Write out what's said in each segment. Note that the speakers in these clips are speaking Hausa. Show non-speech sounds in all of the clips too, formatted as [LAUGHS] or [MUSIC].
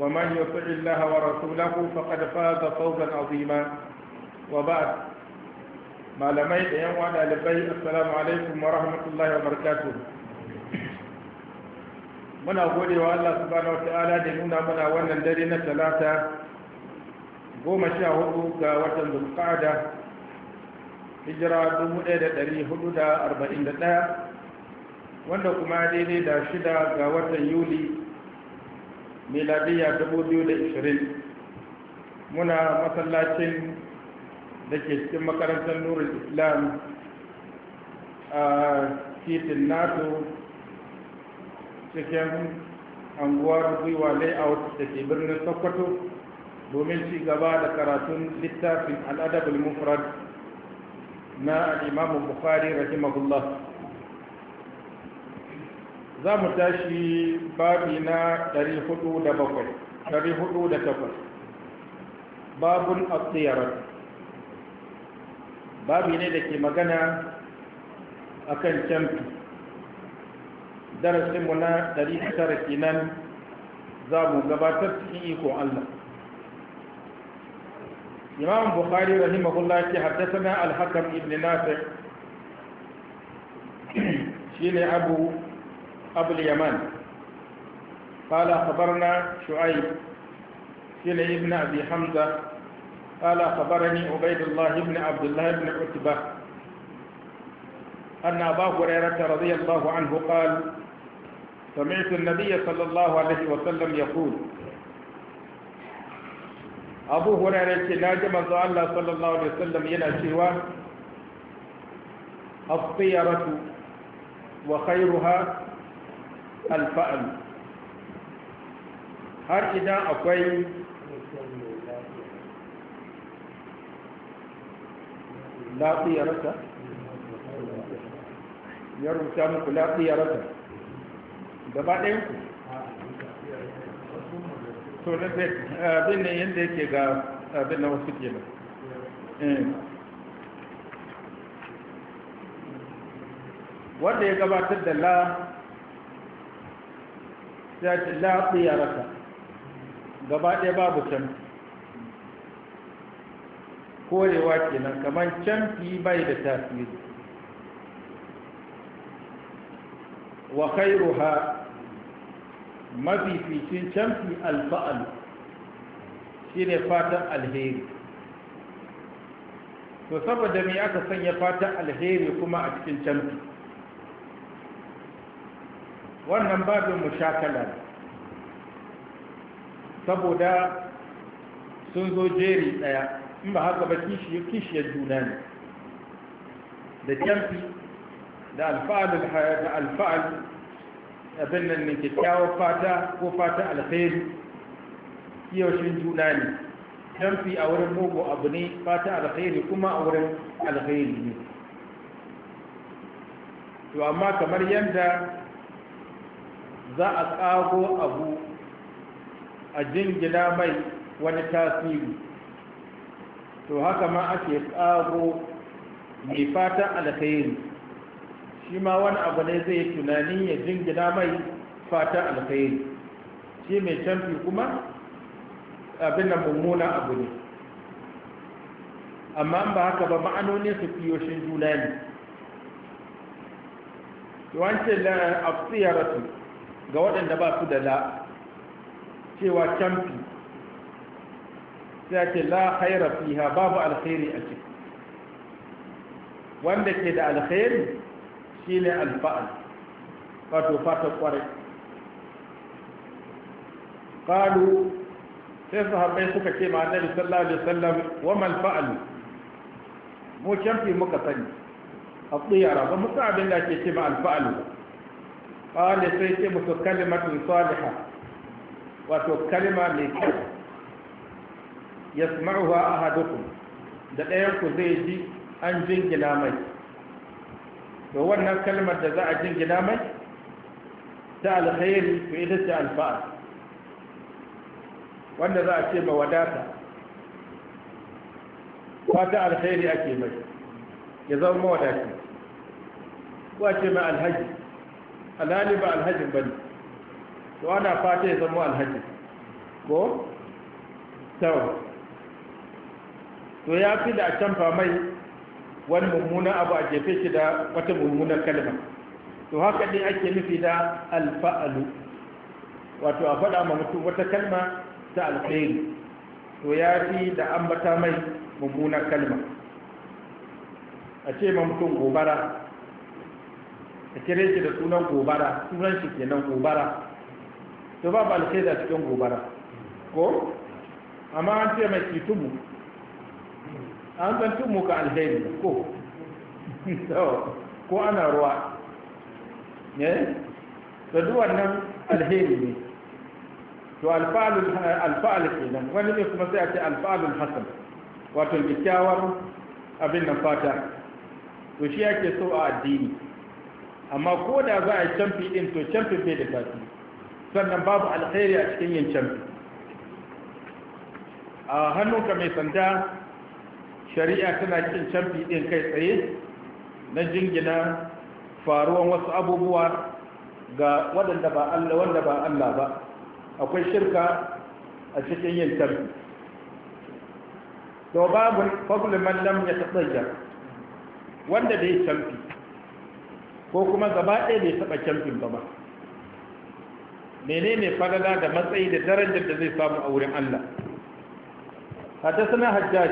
ومن يطع الله ورسوله فقد فاز فوزا عظيما وبعد ما لميت يوم على لبي السلام عليكم ورحمة الله وبركاته من أقول والله سبحانه وتعالى دينونا من أولا دارنا ثلاثة goma sha hudu ga watan zulqa'ada hijira dubu ɗaya da ɗari hudu da arba'in da ɗaya wanda kuma daidai da shida ga watan yuli miladiyya 2020 muna masallacin da ke cikin makarantar nurul islam a titin nato cikin anguwar gwiwa layout da ke birnin sokoto domin ci gaba da karatun littafin al'adabul mufrad na imamu bukari rahimahullah za mu tashi babi na 408 babun asiyarar babi ne da ke magana a kan canfi darasinmu na 900 kinan za mu gabatar cikin iko Allah imam bukhari rahimahullah ke haddasa na alhakar ibn nafi shi ne abu أبو اليمان قال أخبرنا شعيب سلي بن أبي حمزة قال أخبرني عبيد الله بن عبد الله بن عتبة أن أبا هريرة رضي الله عنه قال سمعت النبي صلى الله عليه وسلم يقول أبو هريرة ناجم الله صلى الله عليه وسلم ينا شيوا الطيرة وخيرها alfa'alu har idan akwai lafiyarsa ya rubuta muku lafiyarsa gaba ɗayan ku to na abin nan yadda yake ga abin na wasu ke eh. wanda ya gabatar da la sai ce la gaba ɗaya babu canfi korewa kenan kamar canfi bai da tasiri wa khairuha mafificin canfi alfa'al shi ne fatan alheri to saboda me aka sanya fatan alheri kuma a cikin canfi wannan babin mushakala saboda sun zo jeri daya in ba haka ba kishiyar juna ne da kyamfi da alfa'al abin nan ne kyakkyawar fata ko fata alkhairu kiyoshin juna ne kyamfi a wurin mugu abu ne fata alkhairu kuma a wurin alkhairu ne to amma kamar yadda za a kago abu a jingina mai wani tasiri to haka ma ake ƙago mai fatan alkhairi shi ma wani abu ne zai tunanin ya jingina mai fatan alkhairi shi mai canfi kuma abin da mummuna abu ne amma ba haka ba ma'anoni su fiyoshin juna ne wancan da rasu. ga waɗanda ba su da la cewa camfi sai ake la khaira fiha babu alkhairi a ciki wanda ke da alkhairi ne alfa'al wato fata kwarai qalu sai su haɓai suka ce ma annabi sallallahu alaihi wasallam wa mal fa'al mu camfi muka sani a tsiyara ba musa abin da ke ce ma alfa'al ba ƙawale sai ce musu kalimatun saliha wato kalima mai kyau ya smarwa a hadukun da ɗayanku zai ji an jingina mai Da wannan kalimar da za a jingina mai ta alkhairi ku ita ce alfa'a wanda za a ce ma wadata ta alkhairi ake mai ya zama mawadaci ko a ce mai alhaji alhali ba alhajin ne to ana fata ya zama alhaji ko tau to ya fi da a canfa mai wani mummuna abu a jefe shi da wata mummunar kalma to haka ne ake nufi da alfa'alu wato a faɗa ma mutum wata kalma ta alkhairi to ya fi da ambata mai mummunar kalma a ce ma mutum gobara kere shi da sunan gobara sunan shi kenan gobara to ba ba alkhairi cikin gobara ko amma an ce mai kitubu an san tumu ka alheri ko [LAUGHS] ko ana ruwa ne to duk wannan alheri ne to alfa'alul alfa'al kenan wani ne kuma sai a ce alfa'alul hasan wato kyakkyawar abin nan fata to shi yake so a addini amma ko da za a yi camfi ɗin to camfi bai da tafi sannan babu alkhairi a cikin yin camfi a hannunka mai sanda shari'a tana cin camfi ɗin kai tsaye na jingina faruwan wasu abubuwa ga waɗanda ba Allah wanda ba Allah ba akwai shirka a cikin yin camfi to babu fagulman lam ya tsayya wanda da ya camfi ko kuma gaba ɗaya bai taɓa camfin ba ba mene ne fadada da matsayi da darajar da zai samu a wurin Allah haddasana hajjaj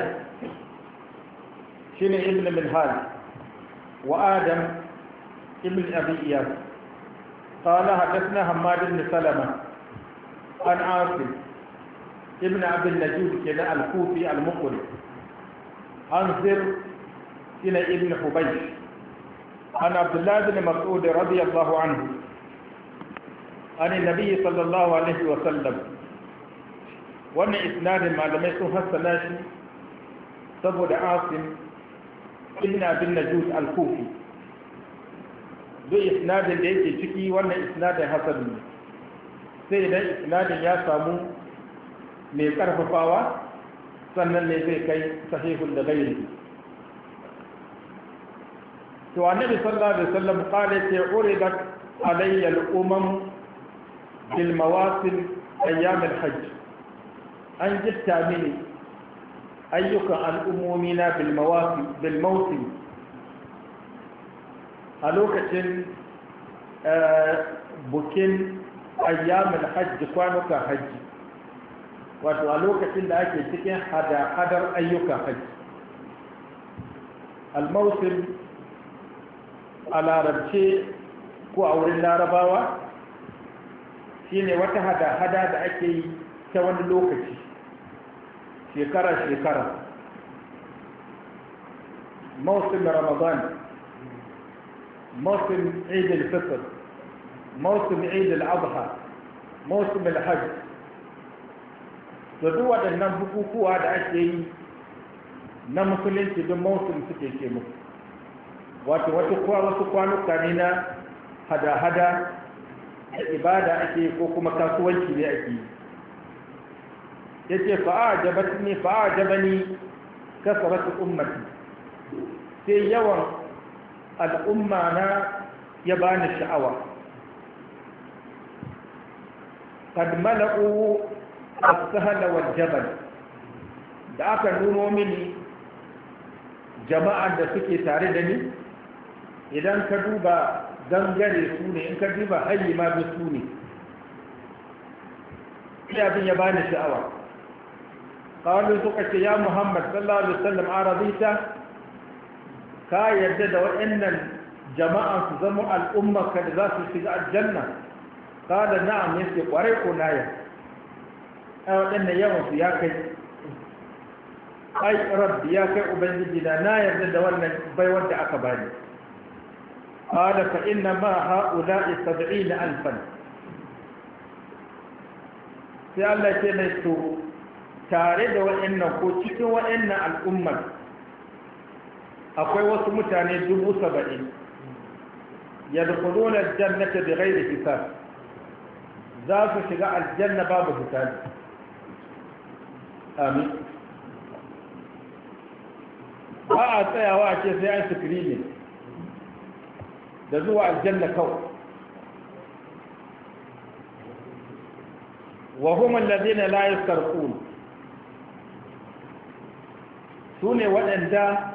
shine ibn minhal wa adam ibn abi iyas qala haddasana hammad ibn salama an asim ibn abin najib ke na kufi al-muqri an zir ila ibn hubayb عن عبد الله بن مسعود رضي الله عنه عن النبي صلى الله عليه وسلم وأن إسناد ما duk isnadin da yake ciki wannan isnadin hasan ne sai idan isnadin ya samu mai karfafawa sannan ne zai kai sahihun da gairi to annabi sallallahu alaihi wasallam qala ta uridat alayya al-umam bil mawasim ayyam al-hajj an jitta mini ayyukan al'ummomi na bil mawasim a lokacin bukin ayyamin hajji kwanukan hajji wato a lokacin da ake cikin hada-hadar ayyukan hajji al-mausim a larabce ko a wurin larabawa shine wata hada-hada da ake yi ta wani lokaci shekara-shekara mausin ramadan mausin idil fitr mausin idil adha mausin alhajj da da nan bukukuwa da ake yi na musulunci don mausin suke ke musu wato wasu kwanuka ne na hada-hada da ibada ake ko kuma kasuwanci ne ake ya ce fa'a kasa wasu ummati sai yawan al'umma na ya bani sha'awa kad mala'u as jabal da aka nuno mini jama'ar da suke tare da ni idan ka duba dangare su ne in ka duba hayi ma bi su ne ya bin ya bani sha'awa qalu suka ce ya muhammad sallallahu alaihi wasallam arabita ka yarda da waɗannan jama'a su zama al'umma ka da za su shiga aljanna qala na'am yake kwarai ko na ai waɗannan yawan su ya kai ai rabbi ya kai ubangiji na na yarda da wannan baiwar da aka bani قال فإنما هؤلاء سبعين ألفا sai Allah ce mai to tare da wa'annan ko cikin wa'annan al'ummar akwai wasu mutane dubu saba'in ya dukuzo na jannata da gairi shiga aljanna babu ba a tsayawa a ce sai an kiri ne da zuwa aljanna kawai wa hum alladhina la yastarqun sune waɗanda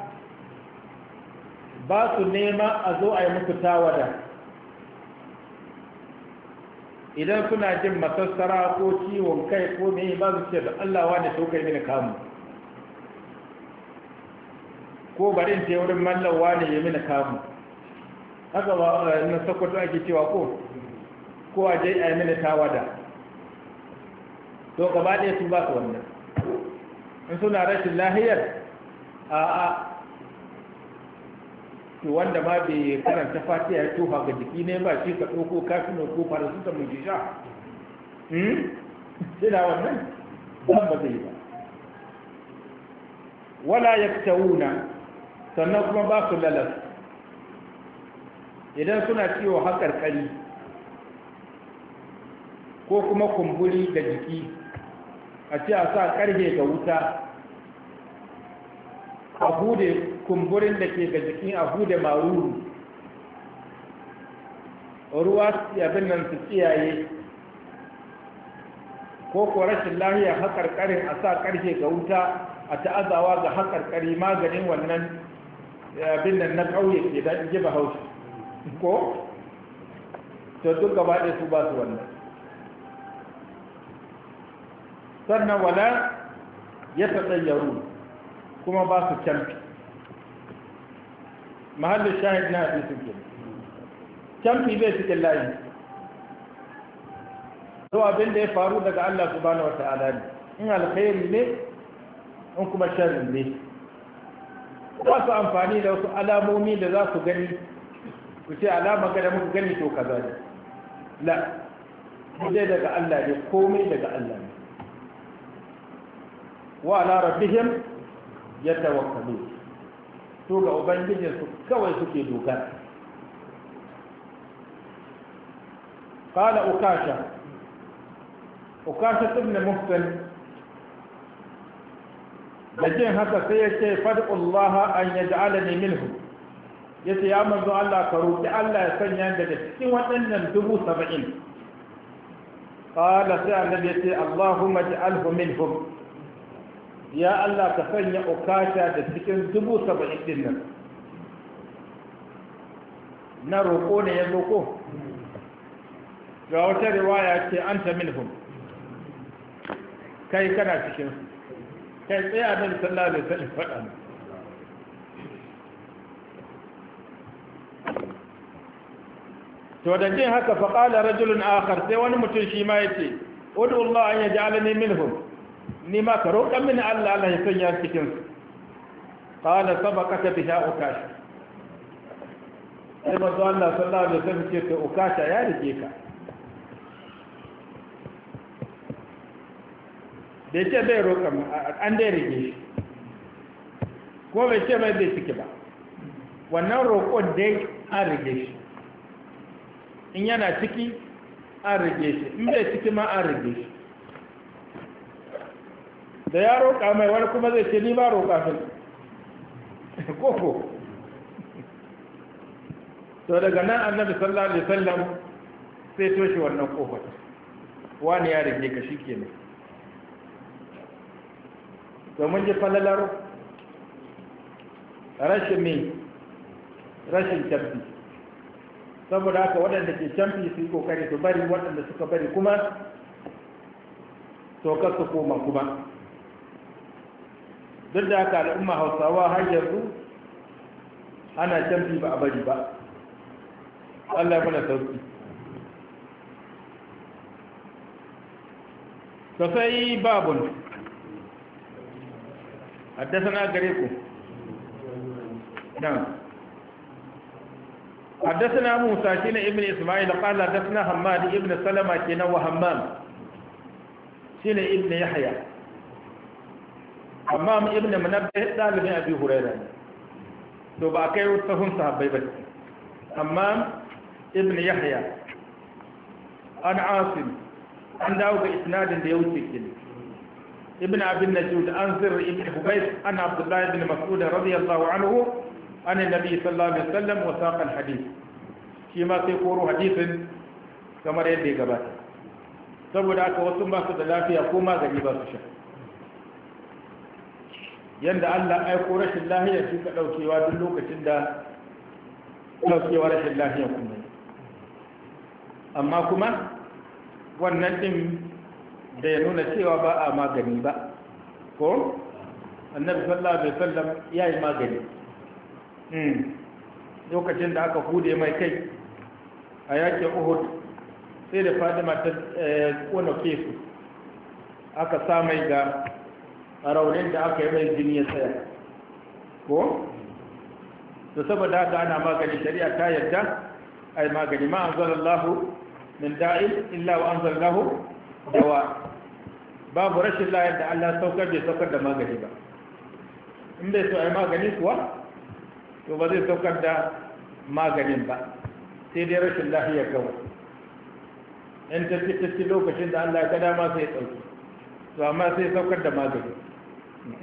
ba su nema a zo a yi muku tawada idan suna jin masassara ko ciwon kai ko mai ba su ce da Allah wani to kai mini kamu ko barin ce wurin mallan wani ya mini kamu haka ba eh, na sokoto ake cewa ko ko a je a yi mini tawada to gaba ɗaya su ba su wannan in suna rashin lahiyar a a to wanda ma bai karanta fatiya ya tofa ga jiki ne ba shi ka ɗauko kafin ko ta mai jisha suna wannan ban ba zai ba wala ya sannan kuma ba su lalas idan suna ciwo haƙarƙari ko kuma kumburi da jiki a ce a sa ƙarfe ga wuta a bude kumburin da ke ga jikin a bude maruru ruwa abin nan su tsiyaye ko ko rashin lahiya haƙarƙarin a sa ƙarfe ga wuta a ta'azawa ga haƙarƙari maganin wannan eh, abin nan na ƙauye ke da jiba haushi. ko to duk gaba ɗaya su ba su wannan sannan wala ya tsayyaru kuma ba su canfi. mahallin shahid na hadisi ke Canfi bai cikin layi to abin da ya faru daga Allah subhanahu wa ta'ala ne in alkhairi ne in kuma sharri ne ba su amfani da wasu alamomi da za su gani ku ce alama ka da muka gani to kaza ne la dai daga Allah ne komai daga Allah ne wa ala rabbihim yatawakkalun to ga ubangijin su kawai suke dogara qala ukasha ukasha ibn muhsin da jin haka sai ya ce fad'u Allah an yaj'alani minhum ya ce ya manzo Allah ka roƙi Allah ya sanya daga cikin waɗannan dubu saba'in ƙala sai annabi ya ce Allahumma ji'alhu minhum ya Allah ka sanya ukata da cikin dubu saba'in din nan na roƙo ne ya roƙo ga wata riwaya ce an ta minhum kai kana cikin kai tsaya da sallallahu alaihi wasallam faɗa to da jin haka fa qala rajulun akhar sai wani mutum shi ma yace ud'u Allah an yaj'alani minhum ni ma ka roƙa min Allah Allah ya sanya cikin su qala sabaqaka biha ukash sai manzo Allah sallallahu alaihi wasallam ce ka ukasha ya rike ka da ce bai roƙa an dai rike shi ko bai ce mai bai ciki ba wannan roƙon dai an rike shi in yana ciki an rage shi in bai ciki ma an rage shi da ya roƙa mai wani kuma zai ce ni ba roƙa fi [LAUGHS] koko to daga nan annabi sallallahu alaihi wasallam sai toshe wannan kofar wani ya rage ka shike ne to mun ji falalaro rashin me rashin tabbi saboda haka waɗanda ke canfi su yi kokari su bari waɗanda suka bari kuma tokar su koma kuma duk da haka al'umma hausawa har yanzu ana canfi ba a bari ba allah mana sauki sosai babun haddasa na gare ku nan. حدثنا موسى كين ابن إسماعيل قال حدثنا حماد ابن سلمة كين وهمام كين ابن يحيى حمام ابن منبه طالب أبي هريرة to ba kai wasu sahabbai ba amma ibn yahya an asim an dawo ga isnadin da ya wuce kin ibn abin najud an sirri ibn hubayb an abdullahi mas'ud radiyallahu anhu alaihi wasallam wa saqa alhadith shi ma sai koro hadithin kamar yadda ya gabata saboda aka wasu masu da lafiya ko magani ba su sha yadda allah aiko rashin lahiyar shi ka daukewa duk lokacin da daukewa rashin lahiyar kuma amma kuma wannan din da ya nuna cewa ba a magani ba ko annabi sallallahu alaihi wasallam ya yi magani Hmm. lokacin da aka hude mai kai a yake uhud sai da fadima ta kona eh, fesu aka sa ga raunin da aka yi mai jini ya tsaya ko? da saboda haka ana magani shari'a ta yarda a yi magani ma an zara lahu min da'il illa wa an zara lahu dawa babu rashin layar da allah saukar bai saukar da magani ba in bai so a yi magani kuwa to ba zai saukar da maganin ba sai dai rashin lafiya kawai in ta ci lokacin da Allah ya dama ma sai ya ɗauki to amma sai saukar da magani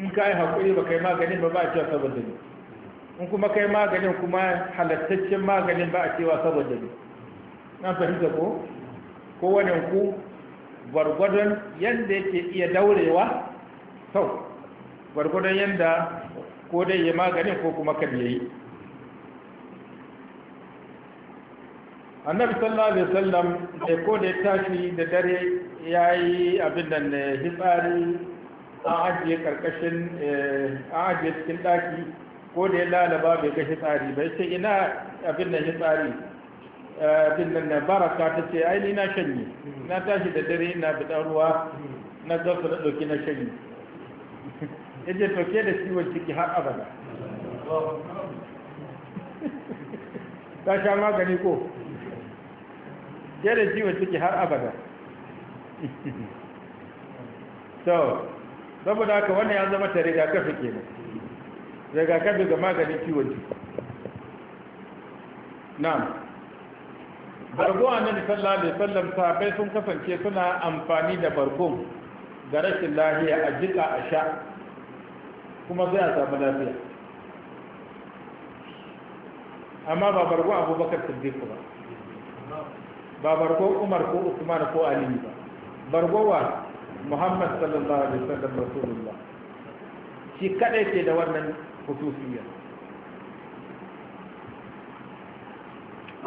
in ka yi haƙuri ba kai maganin ba ba a cewa saboda ne in kuma kai maganin kuma halattaccen maganin ba a cewa saboda ne na fahimta ko kowane ku gwargwadon yadda yake iya daurewa sau gwargwadon yadda ko dai ya maganin ko kuma kar yayi annabi sallallahu alaihi wasallam da ko da tashi da dare yayi abin nan ne eh, hitsari an ajiye karkashin eh, an ajiye cikin daki ko da ya lalaba bai kashi tsari. bai sai ina abin nan hitsari eh, abin nan na baraka ta ce ai ni na shanye na tashi da dare ina bidan ruwa na gasa na dauki na shanye ya ce toke da ciwon ciki har abada ta sha magani ko ke da ciwon ciki har abada so saboda haka wannan ya zama ta rigakafi kenan rigakafi ga maganin ciwon ciki na'am bargo annabi sallallahu alaihi wasallam sahabbai sun kasance suna amfani da bargon ga rashin lahiya a jika a sha kuma sai a samu lafiya amma ba bargo abubakar siddiq ba ba bargo umar ko usman ko ali ba bargo wa muhammad sallallahu alaihi wasallam rasulullah shi kadai ke da wannan hususiyya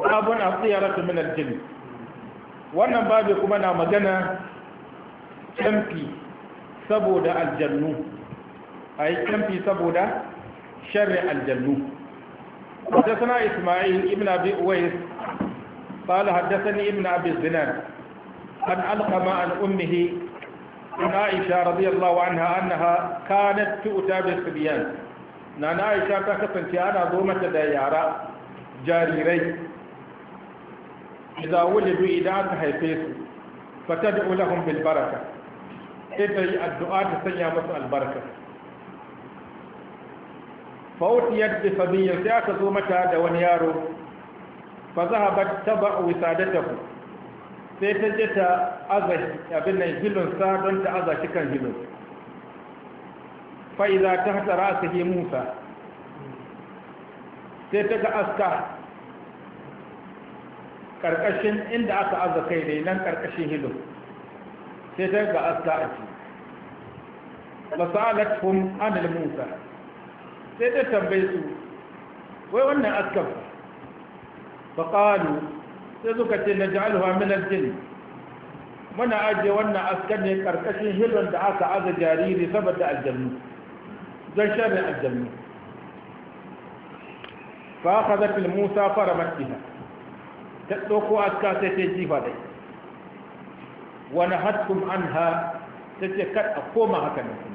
abun asiyaratu min aljinn wannan babu kuma na magana canfi saboda aljannu أي كم في saboda sharri aljannu حدثنا إسماعيل ابن أبي أويس قال حدثني ابن أبي الزناد أن ألقم عن أمه عن عائشة رضي الله عنها أنها كانت تؤتى بالصبيان نانا نعم، عائشة تكتن أنا ظلمة ديارة جاريري إذا ولدوا إذا أنت فتدعو لهم بالبركة إذا الدعاء تسنى مسأل البركة fautiyar bi fadiyar sai aka zo mata da wani yaro fa zahabat taba'u ku. sai ta je ta aza abin nan hilunsa don ta aza shi kan hilun fa idza tahta ra'sihi musa sai ta ga aska karkashin inda aka aza kai dai nan karkashin hilun sai ta ga aska a ci fasalat hum anil musa sai ta tambaye su wai wannan askar faƙalu sai suka ce na ji alhuwa minar jini muna ajiye wannan askar ne ƙarƙashin hirin da aka aza jariri saboda aljannu don sharrin aljannu fa aka zafi musa fara makina ta ɗauko aska sai ta jifa dai wani hatkun an ha ta ce kad a koma haka ne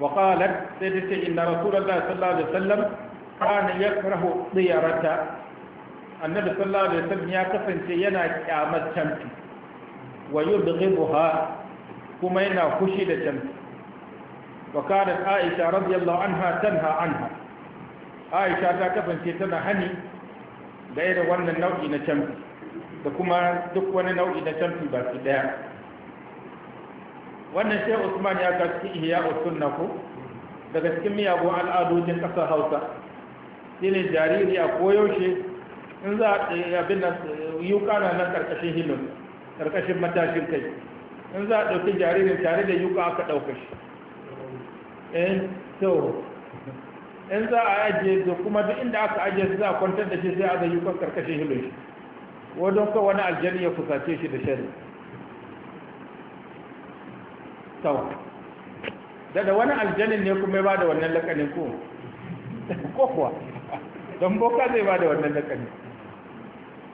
وقالت سيدت إن رسول الله صلى الله عليه وسلم كان يكره طيرة النبي صلى الله عليه وسلم يقفن سينا كامت شمتي ويبغضها كما ينا خشي شمتي وكانت عائشة رضي الله عنها تنهى عنها عائشة تكفن سيتنا هني غير وانا نوعي نشمتي da kuma duk wani nau'i na canfi baki daya wannan shi usman ya ka cikin ihya usunna ku daga cikin miyagun al'adojin ƙasar hausa shine jariri a koyaushe in za a abin nan yi kana nan karkashin hilin karkashin matashin kai in za a ɗauki jaririn tare da yuka aka ɗauka shi in eh, so in za a ajiye da kuma duk inda aka ajiye su za a kwantar da shi sai a zai yukan karkashin hilin shi wadon ka wani aljani ya fusace shi da shari tawa daga wani aljanin ne kuma ya bada wannan lakanin ko ko kuwa don boka zai bada wannan lakanin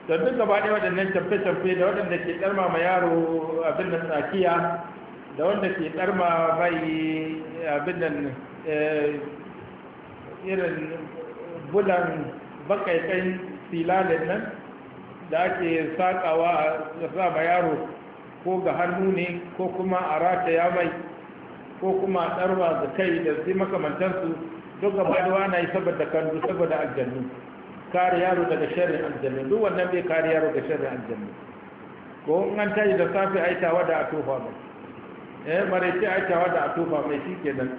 don duk gaba ne waɗannan tafe-tafe, da waɗanda ke ɗarma ma yaro abin da tsakiya da wanda ke ɗarma mai abin da eh, irin bulan bakaikai silalin nan da ake sakawa a sa yaro ko ga hannu ne ko kuma a rataya mai ko kuma a tsarwa da kai da zai makamantansu duk gaba da na yi saboda kandu saboda aljannu kare yaro daga shari'a aljannu duk wannan bai kare yaro daga shari'a aljannu ko in an tayi da safe aitawa da a tofa mai eh maraice aitawa da a tofa mai shi kenan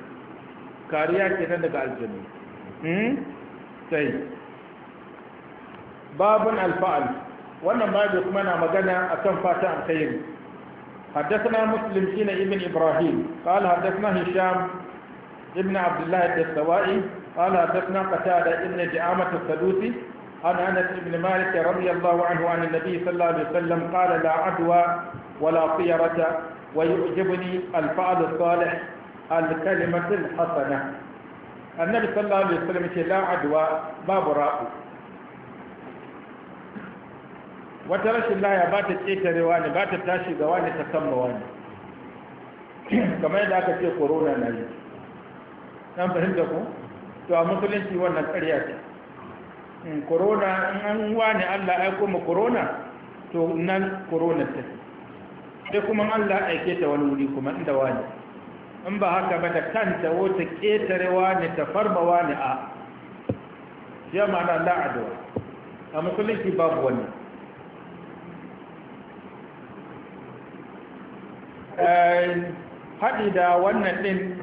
kariya kenan daga aljannu hmm? sai babun alfa'al wannan babu kuma na magana akan fata alkhairi حدثنا مسلم حين ابن إبراهيم قال حدثنا هشام ابن عبد الله الدستوائي قال حدثنا قتادة ابن جعامة السدوسي عن أنس بن مالك رضي الله عنه عن النبي صلى الله عليه وسلم قال لا عدوى ولا طيرة ويعجبني الفعل الصالح الكلمة الحسنة النبي صلى الله عليه وسلم لا عدوى باب رأي wata rashin laya ba ta ƙetarewa ne ba ta tashi gawa ne ta kama wani kamar yadda aka ce korona na yi an fahimta ku to a musulunci wannan ƙarya ce korona hmm, in an wani allah aiko ma korona to nan korona ta sai kuma allah aike ta wani wuri kuma inda wani in ba haka ba ta kanta wata ƙetarewa ne ta farma wani a ya ma'ana la'adawa a musulunci babu wani Eh, haɗi da wannan ɗin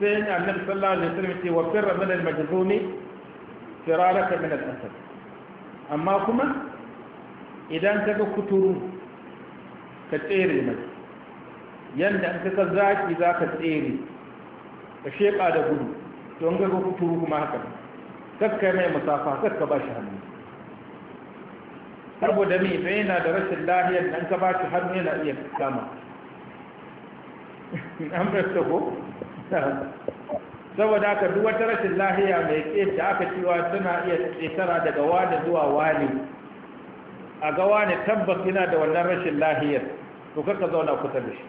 sai annabi sallallahu alaihi wasallam ce wa firra min al-majzumi firaraka min asad amma kuma idan ga kuturu ka tsere mai yanda ka kaga zaki ka tsere ka sheka da gudu to an ga kuturu kuma haka kakka mai musafa kakka ba shi hannu saboda me yana da rashin lahiyar dan ka ba shi hannu yana iya kama an fasta ko saboda haka duk wata rashin lahiya mai ƙeta aka cewa suna iya ƙetara daga wani zuwa wani a ga wani tabbas yana da wannan rashin lahiyar to ka zauna kusa da shi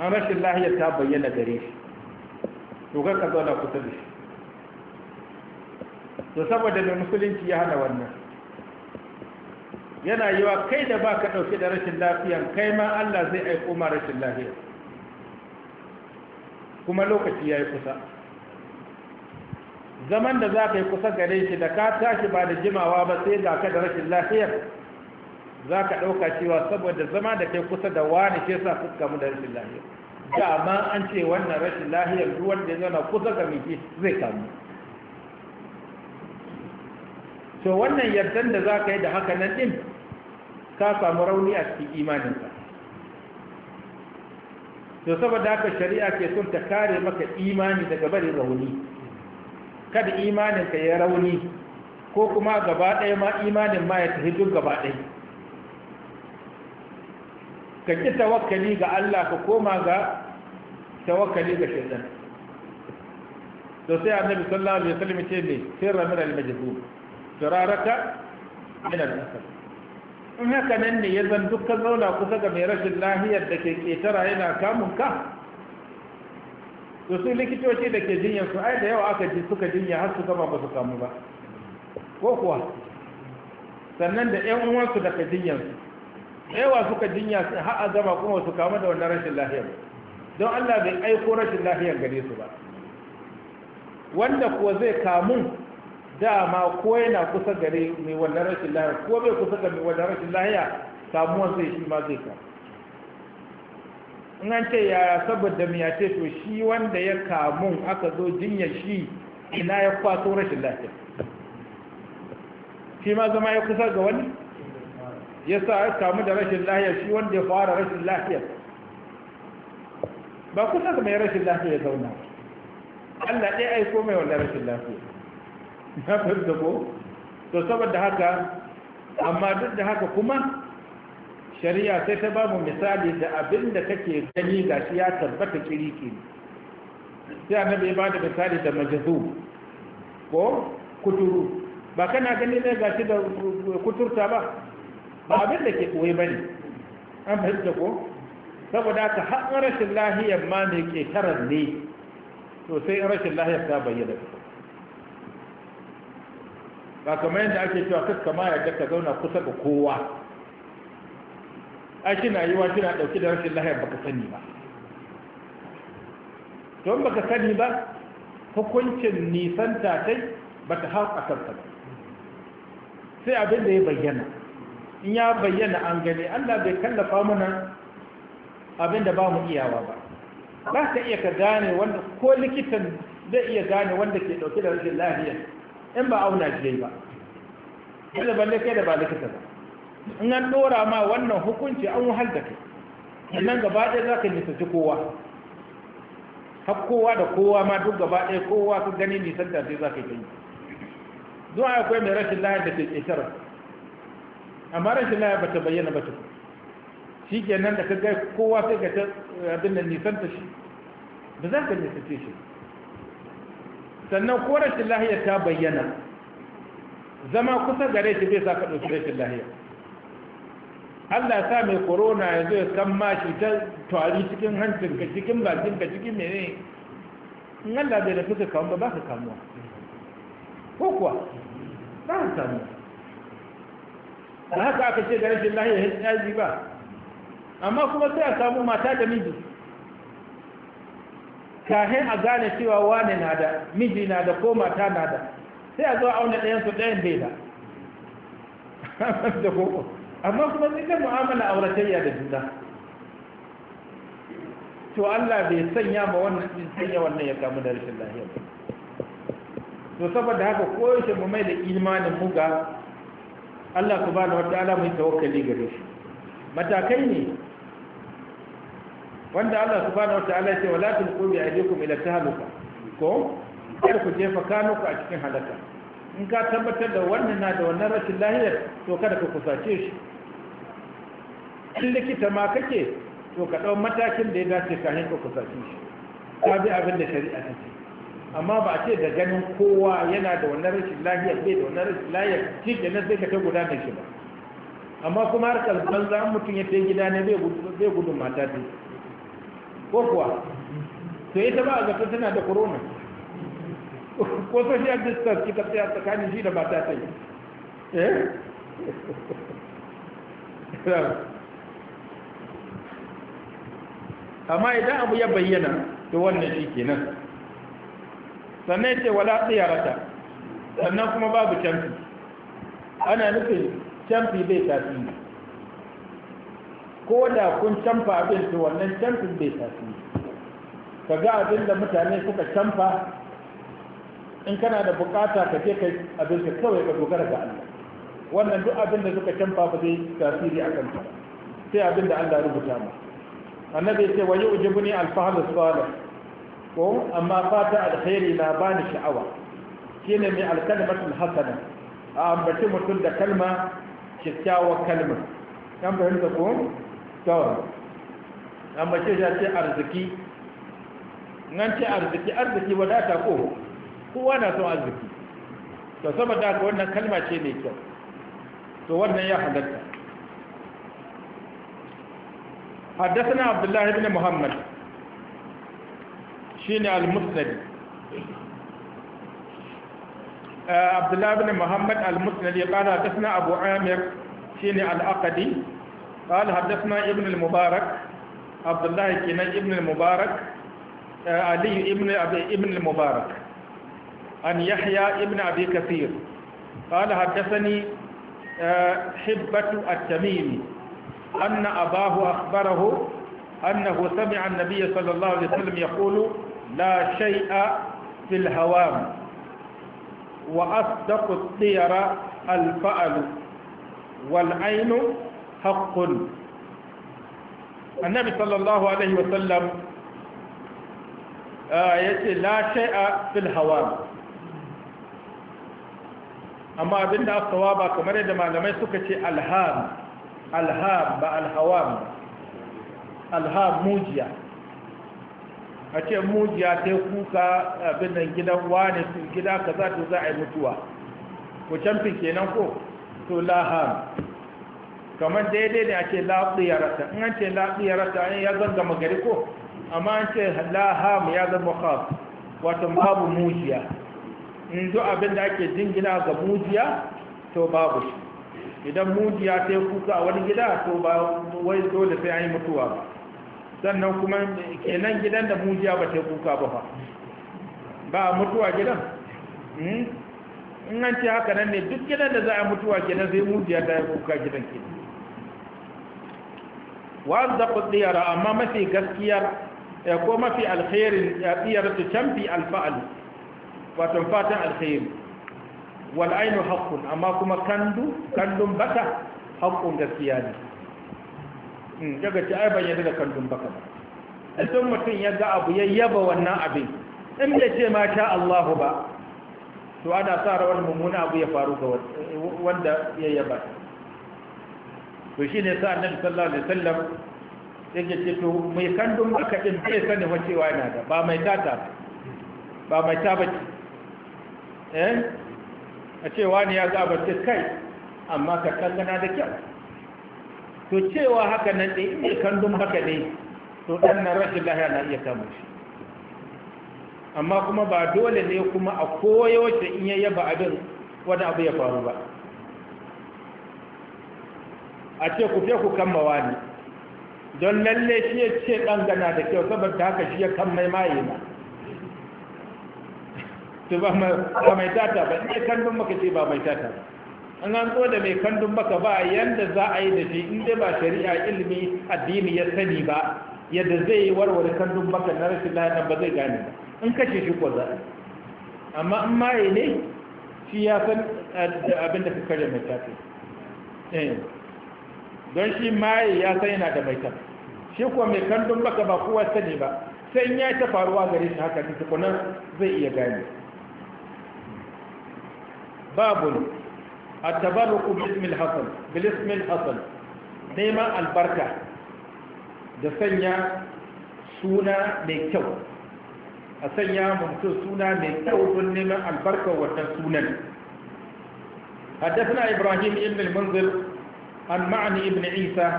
an rashin lahiyar ta bayyana gare shi to ka zauna kusa da shi to saboda mai musulunci ya hana wannan yana yiwa kai da ba ka ɗauke da rashin lafiyan kai ma allah zai aiko ma rashin lahiyar kuma lokaci ya yi kusa zaman da za ka yi kusa gare shi da ka tashi ba da jimawa ba sai ga ka da rashin lafiyar za ka ɗauka cewa saboda zama da kai kusa da wani ke sa suka mu da rashin lafiyar dama an ce wannan rashin lafiyar wanda ya zama kusa ga miki zai kamu to wannan yardan da za ka yi da haka nan ɗin ka samu rauni a cikin imaninka to saboda haka shari'a ke son ta kare maka imani daga barin rauni kada imanin ka ya rauni ko kuma gaba ɗaya ma imanin ma ya tafi duk gaba ɗaya ka ki tawakkali ga Allah ka koma ga tawakkali ga shaitan to sai annabi sallallahu alaihi wasallam ce ne sirra min al-majzub turaraka min al asr in haka nan ne ya zan duk ka zauna kusa ga mai rashin lahiyar da ke ketara yana kamun ka to su likitoci da ke jinyar su ai da yawa aka ji suka jinya har su gama ba su kamu ba ko kuwa sannan da yan uwansu da ka jinyar su yawa suka jinya har a gama kuma su kamu da wannan rashin lahiyar don Allah bai aiko rashin lahiyar gare su ba wanda kuwa zai kamu dama ko yana kusa gare mai wannan rashin lahiya ko bai kusa ga mai wannan rashin lahiya samuwan zai shi ma zai ka in an ce yaya saboda mai ya ce to shi wanda ya kamun aka zo jinyar shi ina ya kwaso rashin lahiya shi ma zama ya kusa ga wani ya sa ya kamu da rashin lahiya shi wanda ya fara rashin lahiya ba kusa ga mai rashin lahiya ya zauna Allah ɗaya aiko mai wanda rashin lafiya na fahimta ko to saboda haka amma duk da haka kuma shari'a sai ta ba mu misali da abin da kake gani ga shi ya tabbata kiriki sai a nabi ba da misali da majazu ko kuturu ba kana gani ne ga shi da kuturta ba ba abin da ke koyi bane an fahimta ko saboda haka har rashin lahiyar ma mai ƙetarar ne to sai rashin lahiyar ta bayyana ba kamar yadda ake cewa kaska ma yadda ka zauna kusa ga kowa a kina yi wa kina ɗauki da rashin lahiyar baka sani ba don baka sani ba hukuncin nisan ta kai ba ta hau a kansa ba sai abin da ya bayyana in ya bayyana an gani allah bai kallafa mana abin da ba mu iyawa ba ba ka iya ka gane wanda ko likitan zai iya gane wanda ke ɗauki da rashin lahiyar in ba auna shi ba yadda ba kai da ba likita ba in an dora ma wannan hukunci an wahal da kai sannan gaba ɗaya za ka nisanci kowa har kowa da kowa ma duk gaba ɗaya kowa ka gani nisan da za ka yi zuwa akwai mai rashin layar da ke ƙetare amma rashin layar ba ta bayyana ba ta shi kenan da ka gai kowa sai ka ta eh, abin da nisan ta shi ba za ka nisanci shi sannan ko rashin lahiya ta bayyana zama kusa gare shi bai sa ka ɗauki rashin lahiya Allah sa mai korona ya zo ya san mashi ta tari cikin ka cikin ka cikin mene in Allah bai nufi ka ba ba ka kamuwa ko kuwa ba ka kamuwa da haka aka ce da rashin lahiya HIV ba amma kuma sai a samu mata da miji kahin a gane cewa wane na da miji na da ko mata na da sai a zo auna ɗayan su ɗayan bai da [LAUGHS] amma kuma sai ta mu'amala auratayya da juna to Allah bai sanya ma wannan bai sanya wannan ya kamu da rashin lafiya ba to saboda haka ko yaushe mu mai da imanin mu ga Allah subhanahu ta'ala mai tawakkali gare shi matakai ne wanda Allah subhanahu wataala ya ce wala tulqu bi aydikum ila tahluka ko kar ku jefa ku a cikin halaka in ka tabbatar da wannan na da wannan rashin lahiyar to kada ka kusace shi in likita ma kake to ka dau matakin da ya dace ka ka kusace shi ka bi abin da shari'a ta ce amma ba a ce da ganin kowa yana da wannan rashin lahiyar bai da wannan rashin lahiyar shi ke nan zai ka ta gudanar shi ba amma kuma har kalban za mutum ya ta gida ne bai gudun mata ta ko kuwa to ita ba a zata tana da corona ko social distance kika ta tsakanin shi da ba ta tsaye eh amma idan abu ya bayyana to wannan shi kenan sannan ce wala tsiyarata sannan kuma babu canfi ana nufin canfi bai tasiri ko da kun canfa abin to wannan canfin bai tafi ka ga abin da mutane suka canfa in kana da bukata ka je kai abin ka kawai ka dogara ga Allah wannan duk abin da suka canfa ba zai tasiri akan kanta sai abin da Allah rubuta mu annabi ya ce wa yu'jibuni al-fahl as-salih ko amma fata alkhairi na bani sha'awa shine mai al hasana a ambaci mutum da kalma kyakkyawar kalma kan fahimta ko to amma ce ya ce arziki nan ce arziki arziki ta ko kowa na son arziki to saboda ga wannan kalma ce mai kyau to wannan ya halatta حدثنا abdullahi الله muhammad محمد شين المسند عبد الله بن محمد المسند قال حدثنا ابو عامر شين الاقدي قال حدثنا ابن المبارك عبد الله كنا ابن المبارك آه، علي ابن أبي ابن المبارك عن يحيى ابن أبي كثير قال حدثني آه، حبة التميمي أن أباه أخبره أنه سمع النبي صلى الله عليه وسلم يقول لا شيء في الهوام وأصدق الطير الفأل والعين haqqun annabi sallallahu alaihi wasallam ah, yace la shay'a fil amma abinda aka ba kamar yadda malamai suka ce alham alham ba alhawam alham mujiya a ce mujiya ta kuka abin nan gidan wani gida kaza to za a yi mutuwa ko camfin kenan ko to laham kamar daidai ne ake lafiyarata in an ce rasa, an ya zanga magari ko amma an ce laham ya zama khaf wato babu mujiya in zo abin da ake jingina ga mujiya to babu shi idan mujiya ta yi kuka a wani gida to ba wai dole sai an yi mutuwa sannan kuma kenan gidan da mujiya ba ta yi kuka ba ba ba mutuwa gidan hmm? in an ce haka nan ne duk gidan da za a mutuwa kenan sai mujiya ta yi kuka gidan kenan wa zaɓi tsiyara amma mafi gaskiyar eh, ko mafi alkhairin tsiyar eh, su canfi alfa'alu watan fatan alkhairi wal ainu haƙƙun amma kuma kandu kandun baka haƙƙun gaskiya ne daga hmm, ci ai bayyana da kandun baka ba idan mutum ya ga abu ya yaba wannan abin in bai ce ma sha Allahu ba to ana sa rawar mummuna abu ya faru ga wanda ya yaba to shi ne sa annabi sallallahu alaihi wasallam yake ce to mai kandun aka din bai sani wa cewa yana da ba mai tata ba mai tabaci eh a cewa ne ya zaba ce kai amma ka kallana da kyau to cewa haka nan dai mai kandun haka ne to dan nan rashin lahiya na iya kama shi amma kuma ba dole ne kuma a koyaushe in yayyaba yaba abin wani abu ya faru ba a ce ku fiye ku kamma wani don lalle shi ya ce ɗan gana da kyau saboda haka shi ya kan mai maye ma. to ba mai tata ba ne kandun maka ce ba mai tata an an zo da mai kandun maka ba yadda za a yi da shi in dai ba shari'a ilimi addini ya sani ba yadda zai yi warware kandun maka na rashin lahiya ba zai gane ba in kashe shi ko za amma in maye ne shi ya san eh, abin da ka karya mai tata eh. don shi maye ya san yana da baitar shi kuwa mai kandun baka ba kowa sani ba sai ya ta faruwa gare shi haka ne tukunan zai iya gane Babu a tabarruku bismil hasan Hassan, ismil hasan neman albarka da sanya suna mai kyau a sanya mutum suna mai kyau don neman albarka wannan sunan حدثنا إبراهيم ابن Munzir. عن معني بن عيسى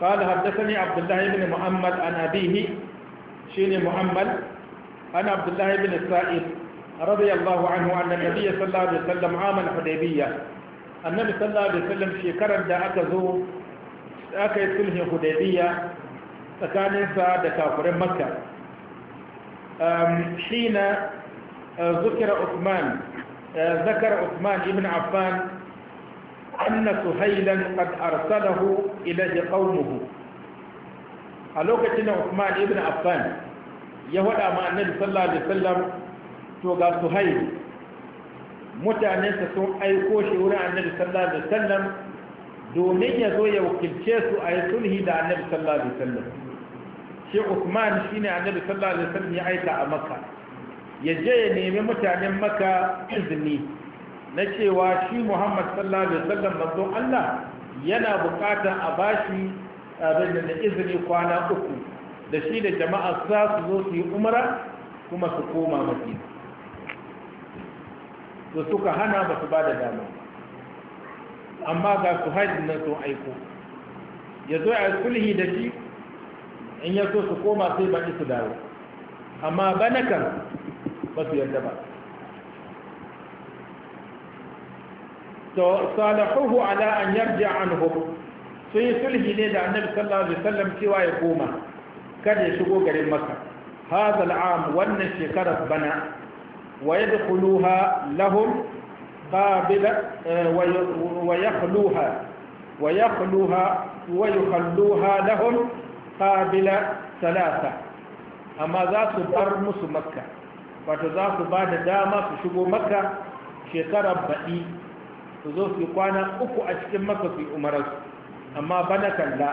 قال حدثني عبد الله بن محمد عن أبيه شين محمد عن عبد الله بن السائب رضي الله عنه أن النبي صلى الله عليه وسلم عام الحديبية النبي صلى الله عليه وسلم شكرا دا أكزو أكي سلح حديبية فكان ينسى دكافر مكة حين ذكر عثمان ذكر عثمان ابن عفان anna suhailan qad arsalahu ilayhi qaumuhu a lokacin da Uthman ibn Affan ya wada ma annabi sallallahu alaihi to ga suhail mutanensa sun aiko shi wurin annabi sallallahu alaihi domin ya zo ya wakilce su a yi sulhi da annabi sallallahu alaihi wasallam shi Uthman annabi sallallahu alaihi ya aika a Makka ya je ya nemi mutanen Makka izini na cewa shi muhammad sallallahu alaihi wasallam manzon Allah yana bukatar a bashi abin da izini kwana uku da shi da jama'a za su zo su yi umara kuma su koma madina da suka hana ba su ba da dama amma ga su haidin nan sun aiko ya zo a sulhi da shi in ya so su koma sai ba su dawo amma banakan ba su yarda ba salahuhu ala an yarja anhu sun yi sulhi ne da annabi sallallahu alaihi cewa ya koma kada ya shigo garin maka hadha al'am wannan shekarar bana wa yadkhuluha lahum qabila eh, wa amma za su bar musu makka wato za su ba da dama su shigo maka shekarar baɗi su zo su kwana uku a cikin maka su umararsu amma bana kalla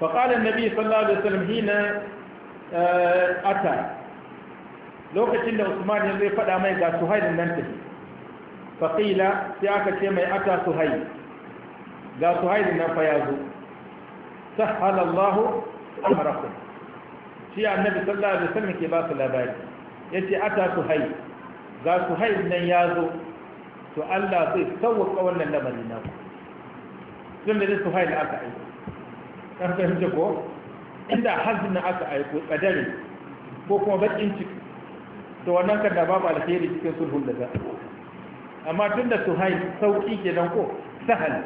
faƙalar nabi sallallahu alaihi wasallam hina eh, ata lokacin da usman ya zai faɗa mai ga suhailin nan ta. faƙila sai aka ce mai ata suhail ga suhailin nan fa ya zo sahalallahu amarakum shi annabi sallallahu alaihi wasallam ke ba su labari yace ata suhail ga suhail nan ya zo to Allah zai sauwaka wannan lamari na ku sun da su fa'il aka aiko kan fahimta ko inda hazina aka aiko kadari ko kuma bakin ciki to wannan kan da babu alheri cikin sulhun da za amma tun da su suhail sauki kenan ko sahal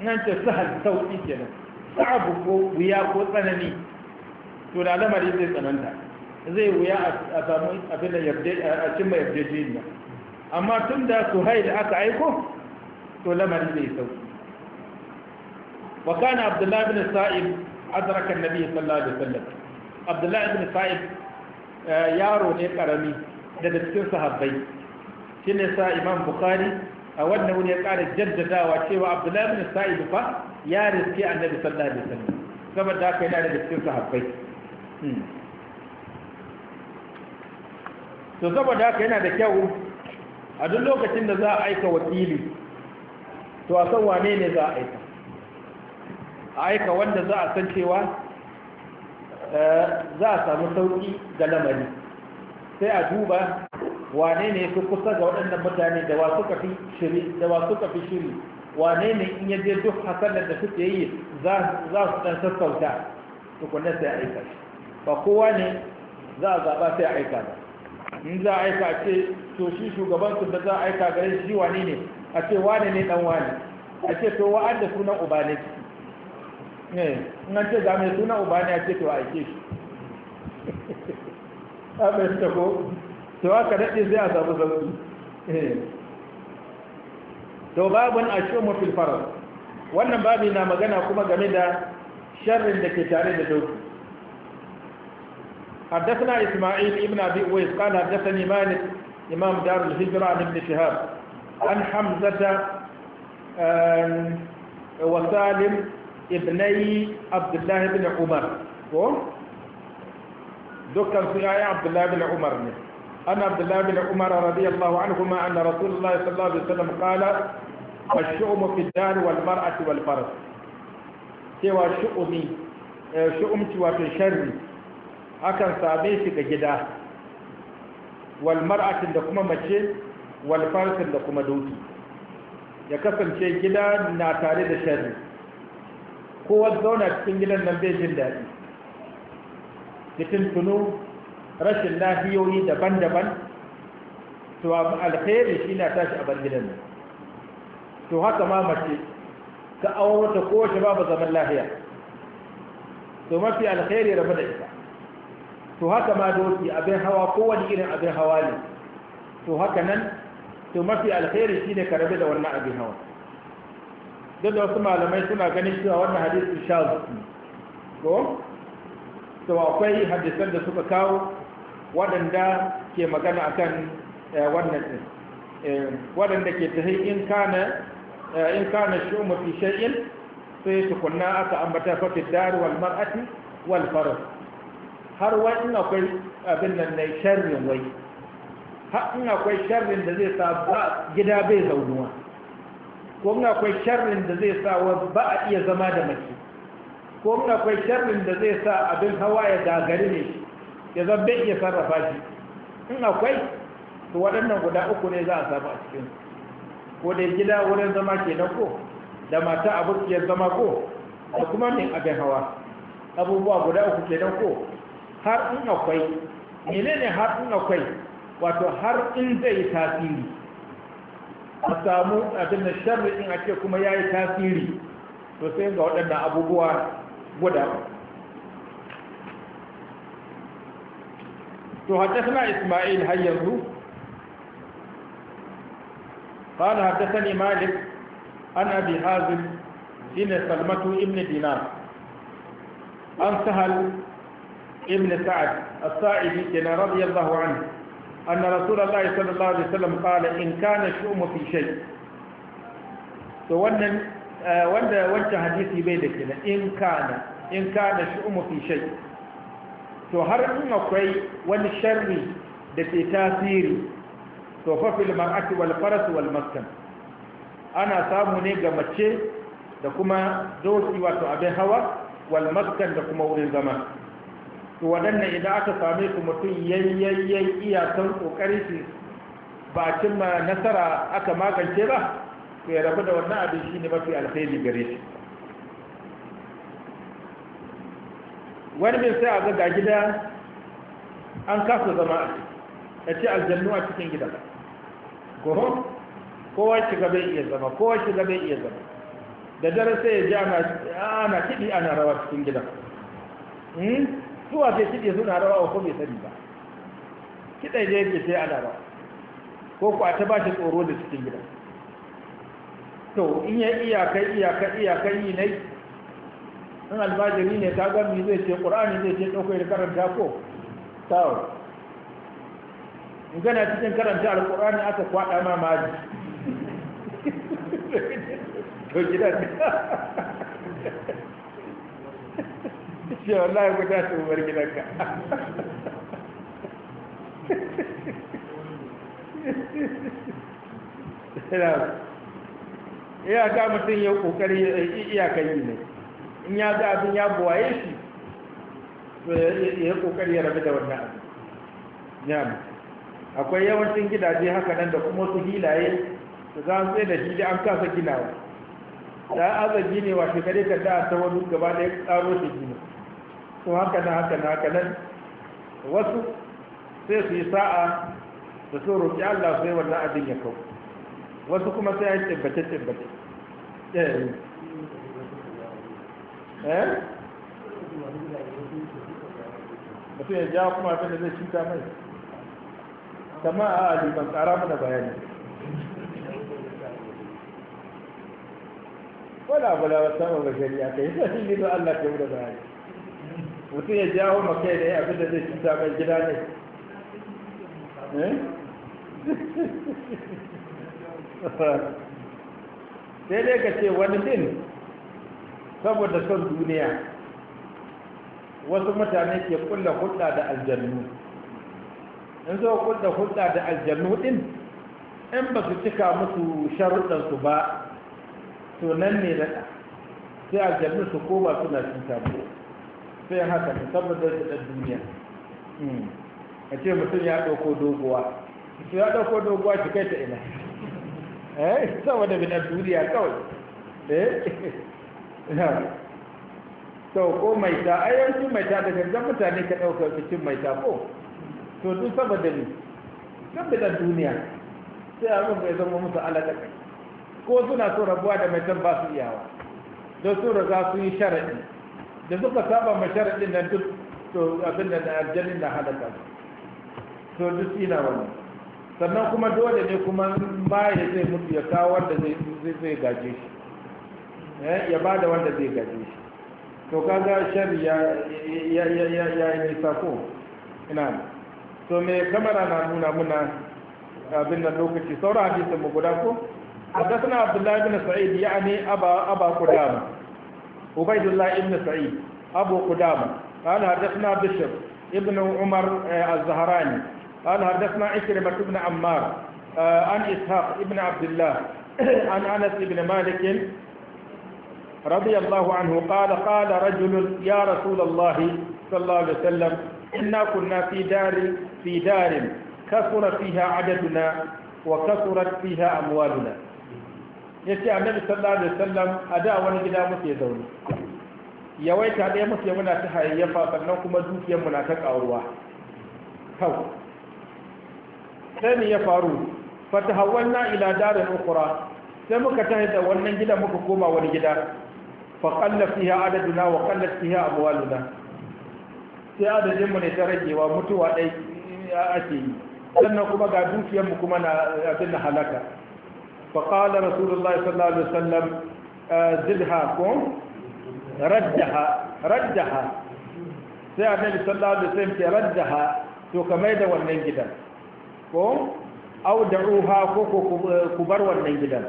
nan ce sahal sauki kenan sa'abu ko wuya ko tsanani to da lamari zai tsananta zai wuya a samu abin da yarda a cimma jini amma tun da su haida aka aiko to lamarin zai sau wa kana abdullahi bin sa'id adraka annabi sallallahu alaihi wasallam abdullahi bin sa'id eh, yaro ne karami daga cikin sahabbai shine sa imam bukhari a wannan wani ya kara jaddadawa cewa abdullahi bin sa'id fa ya riske annabi sallallahu alaihi wasallam saboda haka yana daga cikin sahabbai hmm. to saboda haka yana da kyau a duk lokacin da za a aika wakili to a san wane ne za a aika a aika wanda za a san cewa eh, za a samu sauki da lamari sai a duba wane ne su kusa ga waɗannan mutane da wasu kafi fi shiri da fi shiri wane ne in je duk hasalar da suke yi za su ɗan sassauta tukunan sai a aika shi ba kowa ne za a zaɓa sai a aika ba in za a aika ce to shi shugaban su da za a aika gare shi wani ne a ce wani ne dan wani a ce to wa'ad da sunan uba ne ne eh, in an ce ga mai sunan uba ne a ce to a aike shi a bai ta ko to haka daɗe zai a samu sauki eh. to babun a shi mafi farar wannan babi na magana kuma game da sharrin da ke tare da dauki حدثنا إسماعيل بن أبي أويس قال حدثني مالك إمام دار الهجرة عن ابن شهاب عن حمزة وسالم ابني عبد الله بن عمر دكتور في آية عبد الله بن عمر أن عبد الله بن عمر رضي الله عنهما أن رسول الله صلى الله عليه وسلم قال الشؤم في الدار والمرأة والفرس سوى شؤمي شؤمتي وفي شري akan same shi ga gida wal mar'atin da kuma mace wal farsin da kuma doki ya kasance gida na tare da shari. kowa zauna cikin gidan nan bai jin daɗi cikin tunu rashin lafiyoyi daban-daban to alkhairi shi na tashi a bangidan nan to haka ma mace ta awon wata kowace babu zaman lafiya to mafi alkhairi rabu da ita to haka ma doki abin hawa kowane irin abin hawa ne to haka nan to mafi alkhairi shine ka rabe da wannan abin hawa duk da wasu malamai suna ganin cewa wannan hadisin sha zuki ko to akwai hadisan da suka kawo waɗanda ke magana akan eh, wannan din eh, waɗanda ke tahi in kana eh, in kana shi'u mafi shay'in sai kunna aka ambata fa fi dar wal mar'ati wal faras har wai in akwai abin nan na sharrin wai har in akwai sharrin da zai sa ba gida bai zaunuwa ko in akwai sharrin da zai sa ba a iya zama da mace ko in akwai sharrin da zai sa abin hawa ya gagari ne ya zan bai iya sarrafa shi in akwai to waɗannan guda uku ne za a samu a cikin ko dai gida wurin zama kenan ko da mata abokiyar zama ko da kuma ne abin hawa abubuwa guda uku kenan ko har in akwai menene har in akwai wato har in zai tasiri a samu abin da sharri in a ce kuma ya yi tasiri to sai ga waɗannan abubuwa guda to haddasa ismail har yanzu قال حدثني مالك عن ابي حازم بن سلمة ابن دينار عن سهل ابن سعد الساعدي كان رضي الله عنه أن رسول الله صلى الله عليه وسلم قال إن كان الشؤم في شيء فوانا وانا وانت حديثي بيدك إن كان إن كان الشؤم في شيء فهرم أقوي والشر دفي تاثير ففي المرأة والفرس والمسكن أنا سامو نيجا متشي da kuma doki wato abin hawa wal maskan da kuma wurin zama to waɗannan idan aka same su mutum yayyayyen iyakan ƙoƙari su ba cimma nasara aka magance ba to ya rabu da wannan abin shi ne mafi alheri gare shi wani bin sai a ga gida an kasa zama a ciki ce aljannu a cikin gida goho kowa shiga bai iya zama kowa shiga bai iya zama da dare sai ya ji ana kiɗi ana rawa cikin gida hmm? zuwa sai kiɗe suna rawa ko bai sani ba kiɗa ne yake sai ana rawa ko ku a ta ba shi tsoro da cikin gida to in ya iyakai iyakai iyakai yi nai in albajiri ne ta gami zai ce Al-Qur'ani zai ce ɗaukai da karanta ko tawo in gana cikin karanta alƙur'ani aka kwaɗa ma maji [LAUGHS] to gidan [LAUGHS] ce wallahi ku su bar gidanka iyaka mutum ya kokari iyakan yi ne in ya ga abin ya buwaye shi to ya kokari ya rabu da wannan abin ya akwai yawancin gidaje haka nan da kuma su hilaye su za su tsaye da shi da an kasa ginawa da azabi ne wa shekaru ta da ta wani gaba da ya tsaro shi gina to haka na haka na haka nan wasu sai su yi sa'a da su roƙi Allah sai wannan abin ya kau wasu kuma sai ya yi tabbace tabbace eh. eh mutum ya jawo kuma abin da zai shi mai kama a liban tsara mana bayani wala wala wata mabashari a kai sai shi gido Allah ke wuda bayani mutum ya jawo maka da ya abin da zai cuta mai gida ne eh? sai dai ka ce wani din saboda son duniya wasu mutane ke kulla hulɗa da aljannu in zo kulla hulɗa da aljannu din in ba su cika musu sharuɗansu ba to nan ne da sai aljannu su koma suna cuta musu sai haka ta tabbatar da ɗan duniya hmm. a ce mutum ya ɗauko doguwa su ya ɗauko doguwa shi kai ta ina [LAUGHS] eh sama bi ɗan duniya kawai eh sau [LAUGHS] ko mai ta ayyancin mai ta daga gangan mutane ka ɗauka cikin mai ta ko to duk saboda ni kan bi ɗan duniya sai abin bai zama musu alaƙa ko suna so rabuwa da mai tan ba su iyawa don sun raza su yi sharaɗi da suka saba ma sharaɗin nan duk to abin da na aljanin na halaka to duk ina wani sannan kuma dole ne kuma ba ya zai mutu ya kawo wanda zai gaje shi eh, ya ba da wanda zai gaje shi to kaga shari ya yi nisa ko ina to me kamara na nuna muna abin nan lokaci sauran hadisin mu guda ko حدثنا abdullahi bin sa'id سعيد يعني Aba أبا ubaidullah ibn sa'id abu qudama قال حدثنا بشر ابن عمر الزهراني قال حدثنا عكرمة بن عمار عن إسحاق ابن عبد الله عن أنس بن مالك رضي الله عنه قال قال رجل يا رسول الله صلى الله عليه وسلم إنا كنا في دار في دار كثر فيها عددنا وكثرت فيها أموالنا ya ce annabi sallallahu alaihi wasallam a da wani gida muke zaune yawaita ɗaya muke muna ta hayayyafa sannan kuma dukiyar mu na ta ƙaruwa kawai sai ne ya faru fata hawanna ila darin ukura sai muka tahi da wannan gida muka koma wani gida fa qalla fiha adaduna wa qallat fiha amwaluna sai adadin mu ne ta ragewa mutuwa dai ake yi sannan kuma ga dukiyar mu kuma na abin halaka فقال رسول الله صلى الله عليه وسلم زدها كون ردها ردها sai annabi sallallahu alaihi wasallam ke raddaha to ka maida wannan gidan ko au da'uha ko ku bar wannan gidan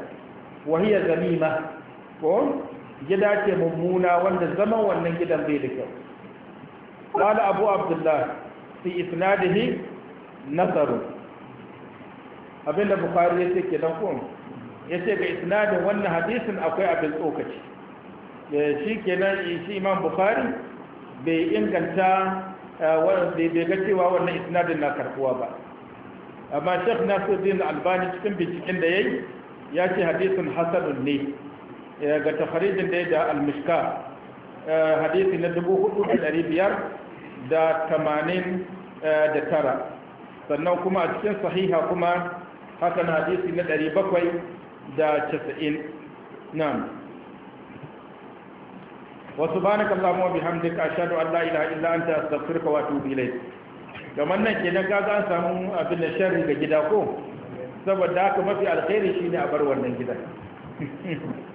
wa hiya zalima ko gida ce mummuna wanda zaman wannan gidan bai da kyau qala abu abdullah fi isnadihi nazaru abinda bukhari yake kenan ko ya ce ga isnadin wannan hadisin akwai abin tsokaci shi kenan shi imam bukari bai inganta eh, bai ga cewa wannan isnadin na karkuwa ba amma shek nasiruddin albani cikin binciken da ya yi ya ce hadisin hasanun ne eh, ga takharijin da ya da almishka eh, hadisi na 4589 sannan kuma a cikin sahiha kuma hasan hadisi na 700 da casa'in wasu ba na kallon mawabi hamdika a shaɗu allah ila illa an ta safirka wato bilai kamar nan ke nan gaza an samu abin da sharri ga gida ko saboda haka mafi alkhairi shine a bar wannan gidan [LAUGHS]